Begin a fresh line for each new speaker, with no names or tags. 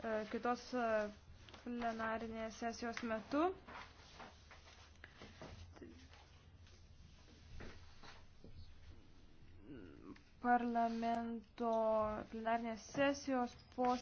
E, kitos e, plenarinės sesijos metu.
Parlamento plenarinės sesijos po